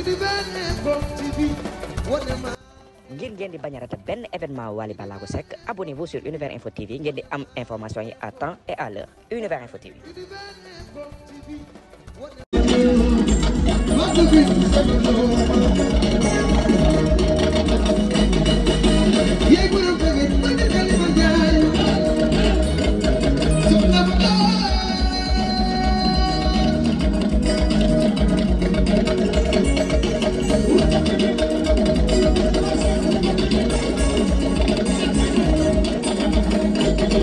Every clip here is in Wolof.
ngir ngeen di bañ a rata benn événement Wally Ballago Seck abonnez-vous sur Univers Info TV ngeen di am information yi à temps et à l'heure Univers Info TV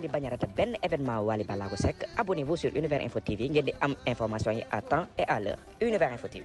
ngeen di benn événement Wally Ballago Seck abonnez-vous sur Univers Info TV ngeen di am information yi à temps et à l'heure Univers Info TV